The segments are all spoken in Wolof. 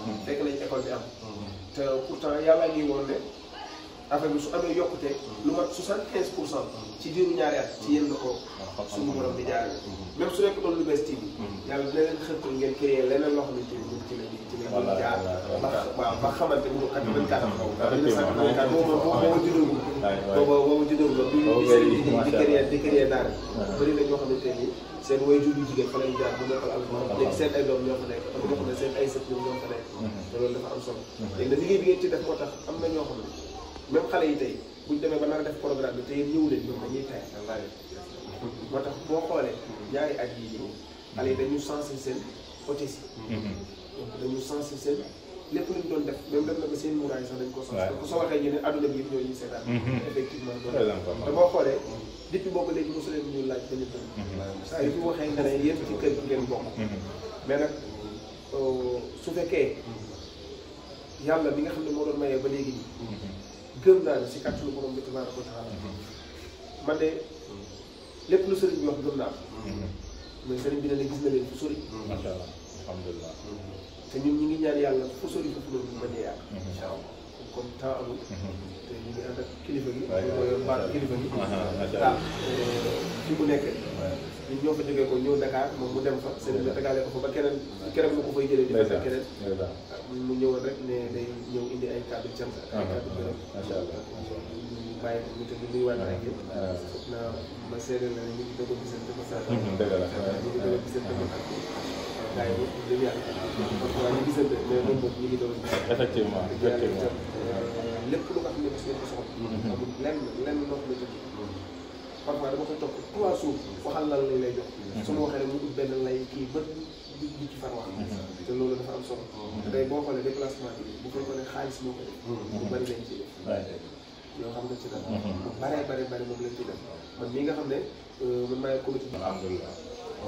Mm-hmm. fekk lañ école bi am. Mm-hmm. te pourtant yàlla ngi woon ne affaire bi su amee yokkute. Mm-hmm. lu mat soixante quinze pour cent. ci diiru ñaari at ci yéen ko. suñu borom di jaaree. même su nekk doon lu bees tiim. yàlla dina leen xëntal ngeen créé leneen loo xamante ni ci la ci la ñuy ni moom 84. effectivement moom moom moom moo juddoo ko. waaw waaw boobu boobu juddoo di di di créé daal. bëri na ñoo xamante ni. seen way jur yu jigéen fa lañ jaar bu mokkal alxuraan léegi seen ay doom ñoo fa nekk am ñoo xam ne seen ay sët ñoom ñoo fa nekk mhm. te loolu dafa am solo mhm. léegi nag liggéey bi ngeen ci def moo tax am na ñoo xam ne même xale yi tey buñ demee ba nar a def programme bi te yéen ñëw leen ñoom dañuy tay wallaay moo tax boo xoolee ñaari at yii ñëw xale yi dañu sensibiliser seen autisme donc mhm. dañu sensibiliser seen lépp lu ñu doon def même def na ko seen muraay sax dañ ko sens ko soo waxee ñu ne adduna bi yëpp ñoo ñuy seetaan effectivement te boo xoolee depuis boobu léegi mosu leen ñu laaj dañu tënk. saa yu ñu waxee nga ne yéen ci kër gi ngeen bokk. Mhm. mais nag euh, su fekkee yàlla bi nga xam ne moo doon mayee ba léegi nii. Mhm. gëm naa ne si lu borom bi tabaaraka wa taala mhm. man de lépp lu sëriñ bi wax gëm naa mais sëriñ bi ne la gis na leen fu sori. te ñun ñu ngi ñaan yàlla fu sori foofu la ñu bañ a kon temps amul. te ñu ngi ànd ak gi. waaw waaw waaw baatu kilifa gi. waaw eh, fi mu nekk. ñun ñoo fa jógee ko ñëw Dakar moom mu dem fa. sëriñ bi tegale ko fa ba keneen keneen mu ko koy jëlee. dëgg la keneen mu ñëwoon rek ne day ñëw indi ay kàddu cant. ay uh-huh, kàddu gërëm. Uh-huh. macha allah bàyyi ko bu tëdd ma seedeel a gisante ba saa. Mm-hmm. dëgg la ñu a gisante ba saa. Mm-hmm. Mm-hmm. a euh, lépp lu nga xam ne mos ko soxla. lenn lenn loo xam ne dëgg. parfois dama koy topp trois jours waxal su ma waxee rek mu ut benn loolu dafa am solo. te tey boo xoolee déplacement bi bu fekkoon ne xaalis moo ko def. bu yoo xam ne ci def bu mhm. bëree bëri bëri moom nga xam ne euh, man maay comité bi alhamdulilah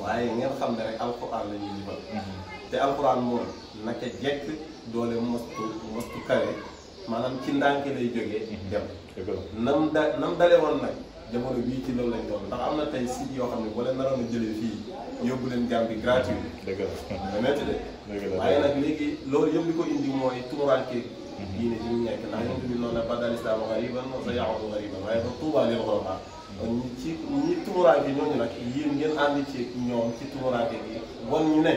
waaye ngeen xam ne rek alxuraan la ñuy jibal mhm. te alxuraan moom naka jekk doole mostu mostu kawe maanaam ci ndànk lay jógee mhm. dem nam da nam dale woon nag jamono bii ci loolu lañ toll ndax am na tey site yoo xam ne wala naroon a jëlee fii yóbbu leen gàm bi gratuit. dëgg la métti de. dëgg la waaye nag léegi loolu yëpp ko indi mooy tumuraanke yi mhm. ne ñu nekk ndax yonent bi noonu la badal islaamu gariban wa sayaudu gariban waaye ba tuubaa lil ghurabaa mhm. kon ñi ci ñi tumuraanke ñooñu nag yéen ngeen ànd ci ñoom ci tumuraanke gi wan ñu ne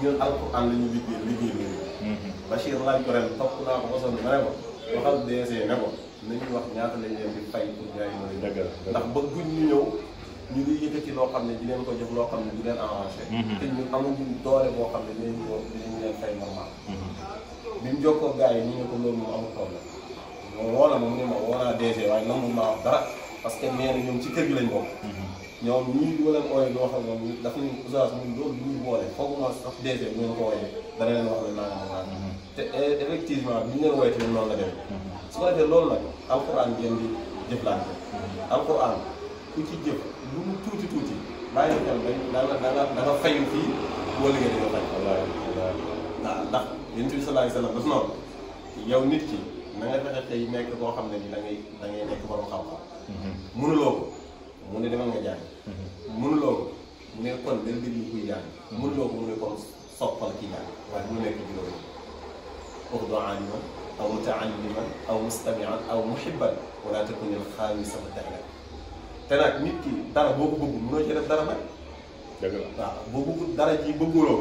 ñun alquran la ñu liggéey liggéey lañu. Mhm. Bachir laaj naa ko mosoon ma waxal DG ne ko nañu wax ñaata lañ leen di fay pour gars yi ndax bëgguñ ñu ñëw ñu ngi yëkkati loo xam ne di leen ko jox loo xam ne du leen arrangé. Mhm. te ñun amuñu doole boo xam ne dinañ ko dinañ leen fay normal. Mhm. bi mu jokkoo gars yi ñu ne ko loolu moom amul problème. moom woo na ma mu ne ma waaye nangu maa wax dara parce que nee na ñoom ci kër gi lañ bokk. Mhm. ñoom ñu ngi loo xam ne dafa ñu oustaz ñun loolu ñu boole foog ma sax DG mhm. eh, ñu ngi la naan te effectivement bi ñu noonu la mhm. mhm. ci jëf lu mu tuuti tuuti bàyyi xel da nga da nga da nga fayu fii boo liggéey ndax yonent bi sallallahu alayhi wasallam daf noonu yow nit ki na nga fexe xam ne ni da ngay da nekk borom xam-xam ko mu ne demal nga jàng mhm. mënuloo ko mu ne kon dana déglu kuy jàng mënuloo ko mu ne kon soppal ki jàng waaye mu nekk juróomi urdu aliman aw mutaalliman aw mustamian aw muhibban wala takunil xaamisa fa taxla te nag nit ki dara boo bëggul mënoo ci def dara dara ji bëgguloo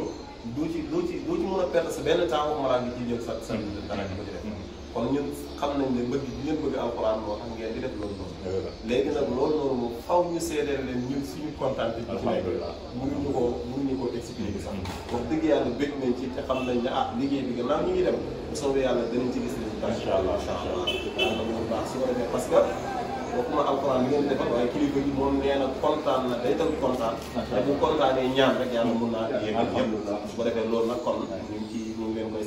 doo ci doo ci a perte sa benn temps waxuma laa ngi ciy jël sa sa mhm. dara ji ko ci def mhm. kon ñun xam nañ ne bëgg ñu ngeen bëgg alxuraan moo xam ngeen di def loolu noonu. léegi nag loolu noonu moom faw ñu seedeel leen ñun suñu kontaan bi ci mm. xam nañ ne ah, liggéey bi gannaaw ñu ngi dem bu soobee ci gis résultat incha allah incha parce que waxuma alxuraan li ngeen defal waaye kilifa gi moom nee na kontaan te bu kontaanee ñaan rek yàlla mun naa yéen yëpp su ko defee loolu nag kon ñu ci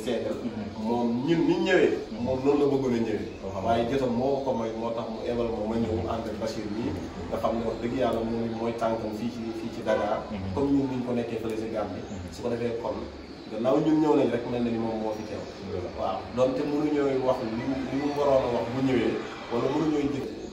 siècle mm-hmm. moom ñun niñ ñëwee mm-hmm. moom noonu la bëggoon a ñëwee waaye jotam moo ko may moo tax mu ebal moom ma ñëw mm-hmm. ànd ak Bachir nii nga xam ne wax dëgg yàlla mooy mooy tànkam fii ci fii ci Dakar comme ñun niñ ko nekkee fële si Gambie su ko defee kon gannaaw ñun ñëw nañ rek mel na ni moom moo fi teew waaw donte mënu ñëwee wax li mu li a wax bu ñëwee wala mënu ñëw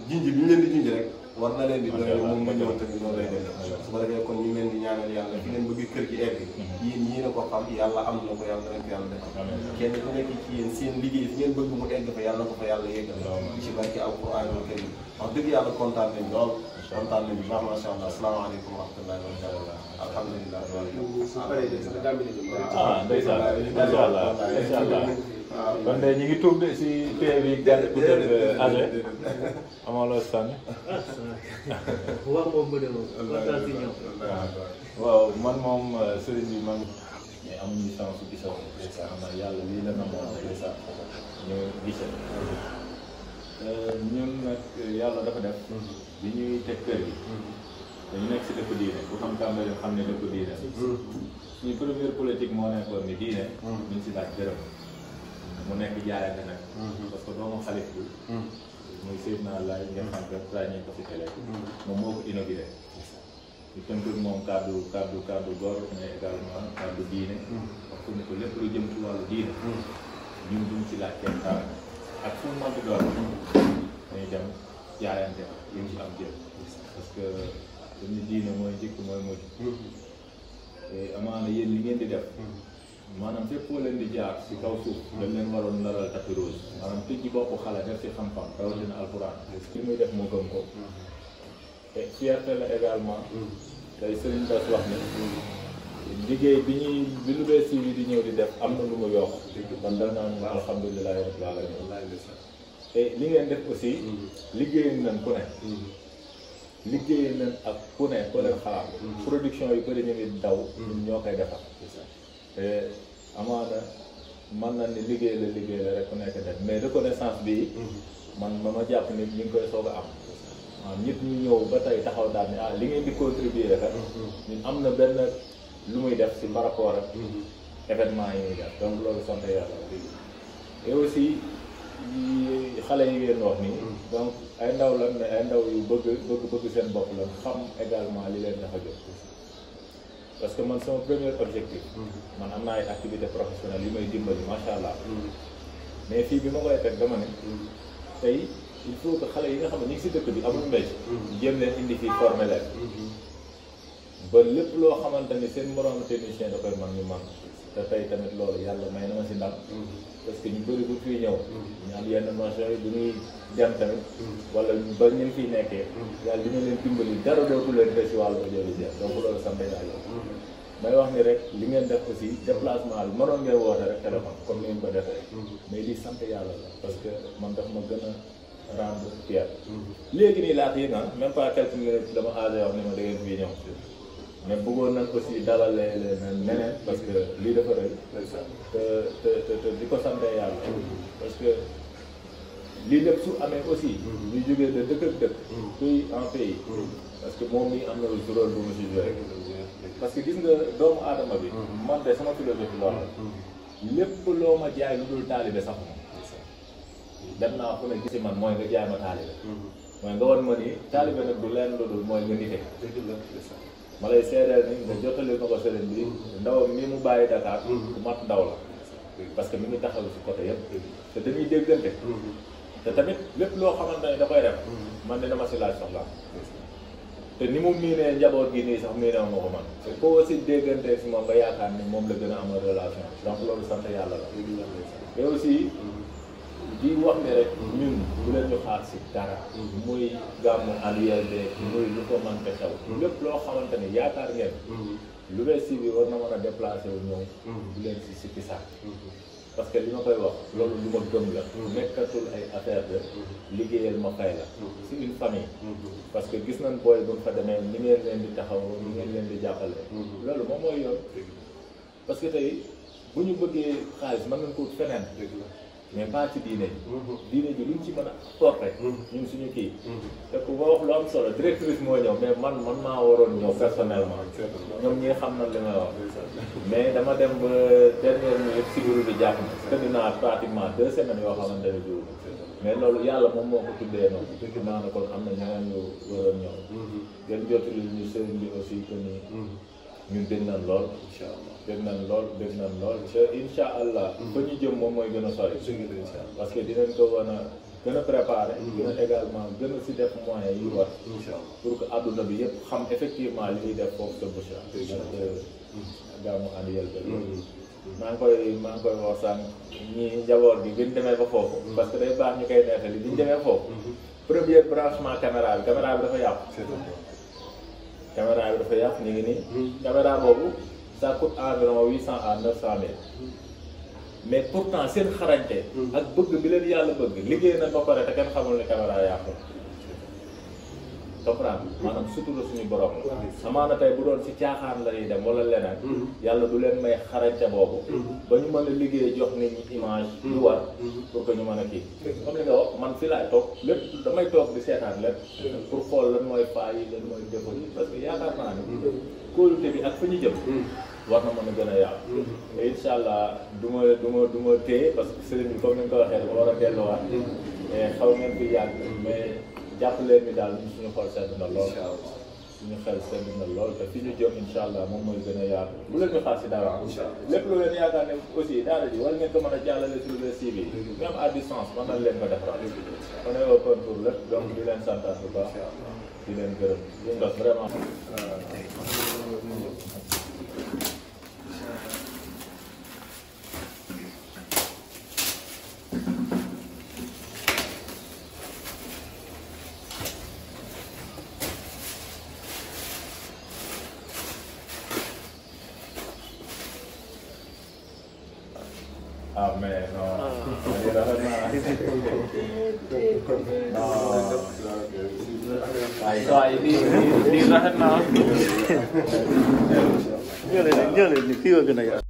jinj bi ñu leen di rek war na leen di doy moom ma ñëw tamit noonu lay def su ko defee kon ñu mel ni ñaanal yàlla fi leen bëgg kër gi egg yéen ñii na ko xam yàlla am na ko yàlla na leen ko yàlla defal kenn ku nekk ci yéen seen liggéey fi ngeen bëgg mu egg fa yàlla na ko fa yàlla yeggal ci barke alquranul karim wax dëgg yàlla kontaan nañ lool kontaan nañ baax macha allah asalaamaaleykum wa rahmatullahi wa barakatuh alhamdulilah waaw ah, kon ñu ngi tuub si tee bi gàtt bu def âgé amoo waaw man moom euh, sëriñ bi man. mais amuñu chance lii la namoon président ñu gisee. nag yàlla dafa def. Mm-hmm. bi ñuy teg kër gi. Mm-hmm. dañu nekk si dëkk diine bu xam tàmbali xam ne dëkk diine. Mm-hmm. suñu première politique moo nekkoon ni diine. ñu si laaj gërëm. mu nekk jaare bi nag. Mm-hmm. parce que doomu xalif bi. Mm-hmm. muy Seydina Laay nga xam ne ràññee ko fi télé bi. Mm-hmm. moom moo ko inauguré. ñu tënkul moom kàddu kàddu kàddu góor mais également kàddu diine. wax ko ni ko lépp lu jëm ci wàllu diine. ñun duñ ci laaj kenn taal ak fu mu mënti doon. dañuy dem jaayante yi ci am jël. parce que dañu diine mooy njëkk mooy mujj. te amaana yéen li ngeen di def. maanaam fépp foo leen di jaar si kaw suuf dañ leen waroon laral tapis rouge maanaam tijji boppu xale def si xam-xam rawatina alxuraan li muy def mu gëm ko te fierté la également tey liggéey bi ñuy bi lu di ñëw di def am na lu mu yokk man dal naa ne li ngeen def aussi liggéey liggéey nañ ak ku ne ku leen mm-hmm. yu bëri ñu ngi daw mm-hmm. ñoo koy defar te amaana man na ni liggéey la liggéey la rek ku nekk def mais reconnaissance bi mhm. man ma ma jàpp ni ñu ngi koy soog a am waaw nit ñu ñëw ba tey taxaw daal ni ah li ngeen di contribuer kat mhm. ñun am na benn lu muy def si par rapport ak mhm. événement yi muy def donc loolu sant yàlla et aussi xale yi ngeen wax nii donc ay ndaw la mais ay ndaw yu bëgg bëgg seen bopp la xam également li leen tax a jóg parce que man sama premier objectif. man am na ay activités professionnelles yu may dimbali macha allah. mais fii bi ma koy teg dama ne. tey il faut xale yi nga xam ne ñi ngi si dëkk bi amul mbéy. jéem leen indi fii formé ba lépp loo xamante ni seen moroom technicien da koy man ñu man te tey tamit loolu yàlla may na ma si ndam. Mm-hmm. parce que ñu bëri bu fi ñëw. ñu am mm-hmm. yenn notion yi bu ñuy dem tamit. Mm-hmm. wala ñu ba ñu fiy nekkee. yàlla dina leen dimbali dara dootu leen si wàllu audio visuel donc sant yàlla. may wax ni rek li ngeen def aussi déplacement bi mënoon ngeen woote rek téléphone comme ni ngeen ko defee. mais di sant yàlla la parce que man daf ma gën a rendre fier. léegi nii laa fi yéen même pas quelques minutes dama aajoo wax ni ma da ngeen ñëw. mais bëggoon nañ aussi dalalee leen neneen parce que lii dafa rëy. te te di ko sant yàlla. parce que lii lépp su amee aussi. ñu jógee de dëkk dëkk. pays en pays. parce que moom mii am na juróom bu mu si rek. parce que gis nga doomu aadama bi. man de sama philosophie lool lépp loo ma jaay lu dul taalibe sax moom. dem naa fu ne gisi man mooy nga jaay ma taalibe. mooy nga wan ma ni taalibe nag du leen lu mooy nga nite. ma lay seedeel ni nga jottali ko ko sëriñ bi ndawam mi mu bàyyi Dakar ku mm-hmm. mat ndaw la mm-hmm. parce que mi ngi taxaw si côté yëpp mm-hmm. te dañuy déggante te tamit lépp loo xamante ne da koy def man de dama si laaj soxla te ni mu miinee njaboot gi nii sax miinee ma ko man te foo si déggante si moom nga yaakaar ni moom la gën a amal relation donc loolu sant yàlla la et di wax ne rek ñun bu leen xaar si dara muy gàmmu annuel beeg muy lu ko mante xew mm-hmm. lépp loo xamante ne yaakaar ngeen mm-hmm. lu bees si bi war na mën a déplacé wu ñoom mm-hmm. bu leen si sikki sàkk parce que li ma koy wax loolu lu ma gëm la nekkatul ay affaire de liggéeyal ma fay la c'est une famille parce que gis nañ booy buñ fa demee ni ngeen leen di taxaw ni ngeen leen di jàppale loolu moom mooy yoon parce que tey bu ñu bëggee xaalis ma nañ ko feneen mais pas ci diine ji mhm. diine ji luñ ci mën a porté mhm. ñun suñu kii mhm. te ku boo wax lu am moo ñëw mais man man maa waroon ñëw personnellement ñoom ñi xam na li may wax dama dem ba dernière minute sibiru bi jàpp na tëdd naa pratiquement deux semaines yoo xamante ne jiw mais loolu yàlla moom moo ko tuddee noonu dëkk naa ne kon am na ñeneen ñu waroon ñëw gën jottali ñu sëriñ bi aussi que ñun bég nañ lool. incha allah bég nañ lool lool te incha allah. Mm-hmm. fa ñu jëm moom mooy gën a sori. parce que dinañ ko wan a gën a préparé. Mm-hmm. gën a également gën a si def moyens yi war. Mm-hmm. incha allah pour que adduna bi yëpp xam effectivement li ñuy def foofu sa Boucher. incha allah gaamu ànd yàlla maa ngi koy maa ngi koy wax sànq ñii njaboot bi biñ demee ba foofu. parce que day baax ñu koy neexali biñ demee foofu. premier branchement caméra bi caméra bi dafa yàqu. caméra bi dafa yàqu ñu ngi nii. caméra boobu ça coûte environ huit cent à neuf cent mille. mais pourtant seen xarañte. ak bëgg bi leen yàlla bëgg liggéey na ba pare te kenn xamul ne caméra yàqu. comprendre maanaam sutura suñu borom la amaana tey bu doon si caaxaan la ñuy dem wala leneen mm-hmm. yàlla du leen may xarañte boobu mm-hmm. ba ñu mën a liggéey jox nit ñi image lu war mm-hmm. pour que ñu man a kii comme man fi laay toog lépp damay toog di seetaan lépp pour xool lan mooy faa yi lan mooy défaut yi parce que yaakaar naa ne kóolute bi ak fa ñu na mën a gën a allah du ma du ma du ma téye parce que sëriñ bi comme ni nga ko waxee dama war a delluwaat eh, xaw ngeen fi yàgg mais jàpp jàppaleen mi daal ñun suñu xol sedd na lool suñu xel sedd na lool te fi ñu jëm incha allah moom mooy gën a yaatu bu leen ñu xaar si dara lépp lu leen yaakaar ne aussi daara ji war ngeen ko mën a jàllale sur le CV même à distance mën nañ leen ko defal on est open pour lépp donc di leen santaat bu baax di leen gërëm di leen vraiment euh, waaw di di di rafet naa. ñoo leen ñoo leen fii waa gën a